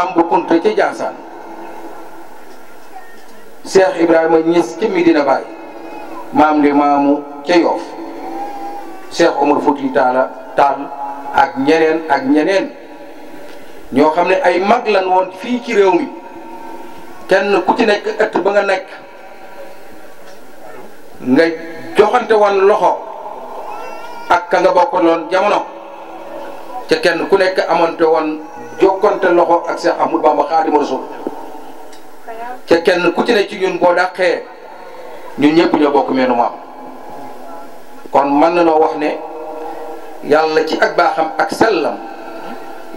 Samb Kunta ca Jaasaan Cheikh Ibrahima Ñas ca Medina Baay maam li maamu ca Yoof Cheikh Omar Fouti Taala Taal ak ñeneen ak ñeneen ñoo xam ne ay mag lan woon fii ci réew mi kenn ku ci nekk ëtt ba nga nekk nga joxante woon loxo ak ka nga bokkaloon jamono kenn ku nekk amante woon jokkonte loxo ak Cheikh Ahmadou Bamba Xaadimu Rasuul ca kenn ku ci ne ci ñun boo dàqee ñu ñëpp ñoo bokk meenu maam kon mën na noo wax ne yàlla ci ak baaxam ak sellam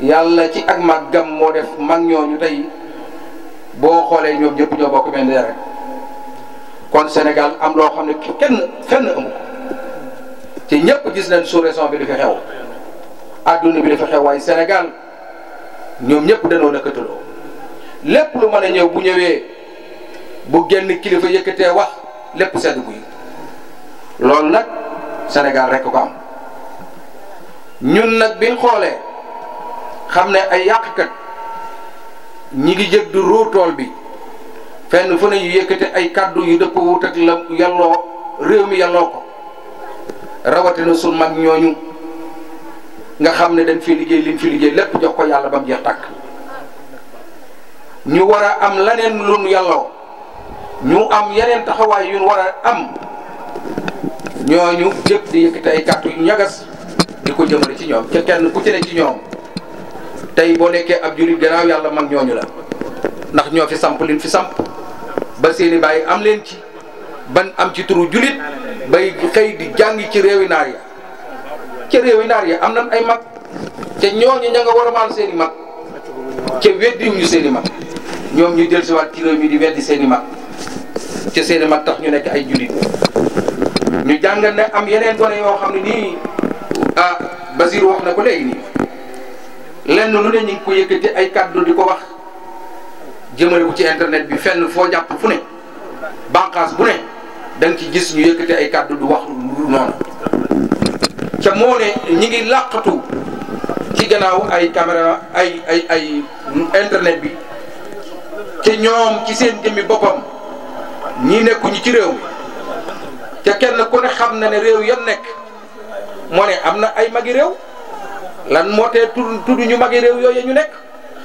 yàlla ci ak gam moo def mag ñu tey boo xoolee ñoom ñëpp ñoo bokk mel ni kon Sénégal am loo xam ne kenn fenn amul ci ñëpp gis nañ sous-région bi di fi xew adduna bi di fi xew waaye Sénégal ñoom ñëpp danoo nekkataloo lépp lu mën a ñëw bu ñëwee bu génn kilifa yëkkatee wax lépp sedd guy loolu nag senegal rek ko am ñun nag bi xoolee xam ne ay yàqkat ñi ngi jëg du ruur tool bi fenn fu ne ñu yëkkate ay kàddu yu dëpp wut ak la yàlloo réew mi yàlloo ko rawatina sunu mag ñooñu nga xam ne dañ fi liggéey liñ fi liggéey lépp jox ko yàlla ba mu jeex tàkk ñu war a am laneen lu nu yàlloo ñu am yeneen taxawaay yuñ war a am ñooñu jëpp di yëkkati ay kàddu yu ñagas di ko jëmale ci ñoom ca kenn ku ci ci ñoom tey boo nekkee ab jurit gannaaw yàlla mag ñooñu la ndax ñoo fi samp liñ fi samp ba seeni bàyyi am leen ci ban am ci turu julit bay xëy di jàngi ci réewi naar ya cere réew yi naar yi am nañ ay mag ca ñooñu ña nga war a maal seen i mag ca weddiwuñu seen i mag ñoom ñu dellusiwaat ci réew mi di weddi seen i mag ca seen mag tax ñu nekk ay jullit ñu jàngal ne am yeneen gone yoo xam ne nii ah Basir wax na ko léegi nii lenn lu ne ñu ngi ko yëkkati ay kàddu di ko wax jëmale ko ci internet bi fenn foo jàpp fu ne banqaas bu ne da nga ci gis ñu yëkkati ay kàddu du wax lu noonu. ca moo ne ñi ngi làqatu ci gannaaw ay caméra ay ay ay internet bi te ñoom ci seen jëmmi boppam ñi nekkuñu ci réew mi te kenn ku ne xam na ne réew yan nekk moo ne am na ay magi réew lan moo tee tudd tudd ñu magi réew yooyu ñu nekk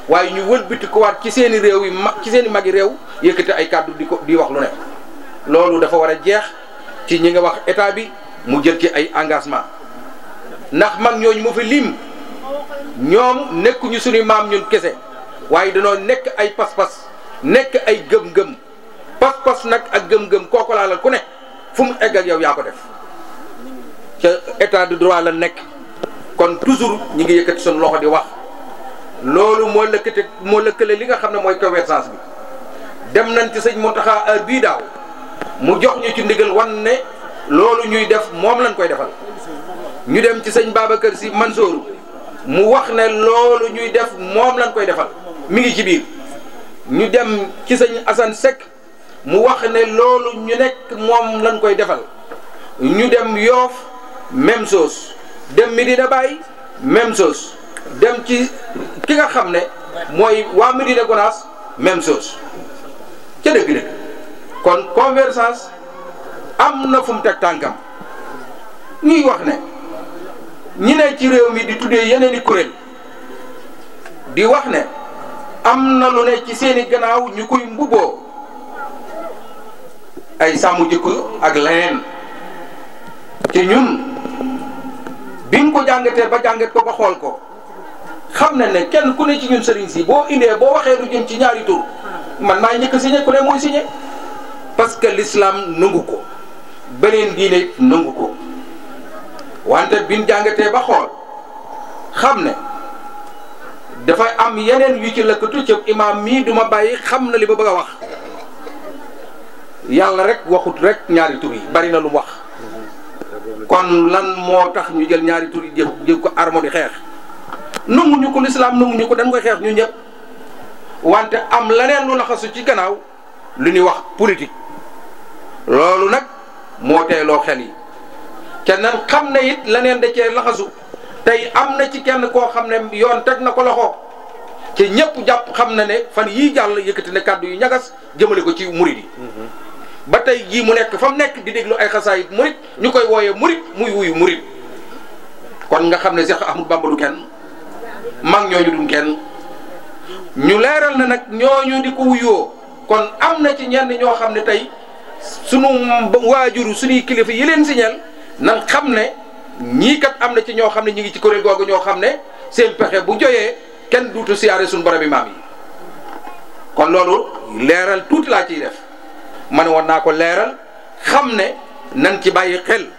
waaye ñu wëlbati kuwaat ci seeni réew yi ma ci seeni magi réew yëkkati ay kàddu di di wax lu ne loolu dafa war a jeex ci ñi nga wax état bi mu jël ci ay engagement ndax mag ñooñu mu fi lim ñoom nekkuñu suñu maam ñun kese waaye danoo nekk ay pas-pas nekk ay gëm-gëm pas-pas nag ak gëm-gëm kooku laa la ku ne fu mu egg ak yow yaa ko def ca états de droit la nekk kon toujours ñi ngi yëkkati suñu loxo di wax loolu moo lëkkate moo lëkkale li nga xam ne mooy convergence bi dem nañ ci sëñ Mountakha heure bii daaw mu jox ñu ci ndigal wan ne loolu ñuy def moom lañ koy defal ñu dem ci sëñ Babacar si Mansour mu wax ne loolu ñuy def moom lañ koy defal mi ngi ci biir ñu dem ci sëñ Assane Seck mu wax ne loolu ñu nekk moom lañ koy defal ñu dem yoof même soos dem Medina bàyyi même chose dem ci ki nga xam ne mooy waa Medina Gonaas même chose ca dëgg-dëgg kon convergence am na fu mu teg tànkam ñuy wax ne. ñi ne ci réew mi di tuddee yeneen i kuréel di wax ne am na lu ne ci seeni gannaaw ñu koy mbubboo ay sàmm jikko ak leneen te ñun bi nga ko jàngatee ba jàngat ko ba xool ko xam na ne kenn ku ne ci ñun sëriñ si boo indee boo waxee lu jëm ci ñaari tur man maay njëkk si signé ku ne mooy signé parce que lislaam nangu ko beneen diine nangu ko. wante biñ jàngatee ba xool xam ne dafa am yeneen yu ci lëkkatu ci imaam mii duma bàyyi xam na li ma bëgg a wax yàlla rek waxut rek ñaari tur yi bari na lu wax kon lan moo tax ñu jël ñaari tur yi jëf jëf ko armo di xeex nanguñu ko lislaam nanguñu ko dañ koy xeex ñu ñëpp wante am leneen lu laxasu ci gannaaw lu ñuy wax politique loolu nag moo teeloo xel yi te nan xam ne it leneen da cee laxasu tey am na ci kenn koo xam ne yoon teg na ko loxo te ñëpp jàpp xam na ne fan yii jàll yëkkati ne kàddu yu ñagas jëmale ko ci murid mm-hmm. ba tey jii mu nekk fa mu nekk di déglu ay xasaayit murid ñu koy wooyee murid muy wuyu murid kon nga xam ne Seex Ahmadu Bamba kenn mag ñooñu duñ kenn ñu leeral na nag ñooñu di ko wuyoo kon am na ci ñenn ñoo xam ne tey sunu waajuru suñuy kilifa yi leen signal nan xam ne ñii kat am na ci ñoo xam ne ñi ngi ci kuréel googu ñoo xam ne seen pexe bu joyee kenn duutu siyaare suñu borom bi maam yi kon loolu leeral tuuti laa ciy def man woon naa ko leeral xam ne nan ci bàyyi xel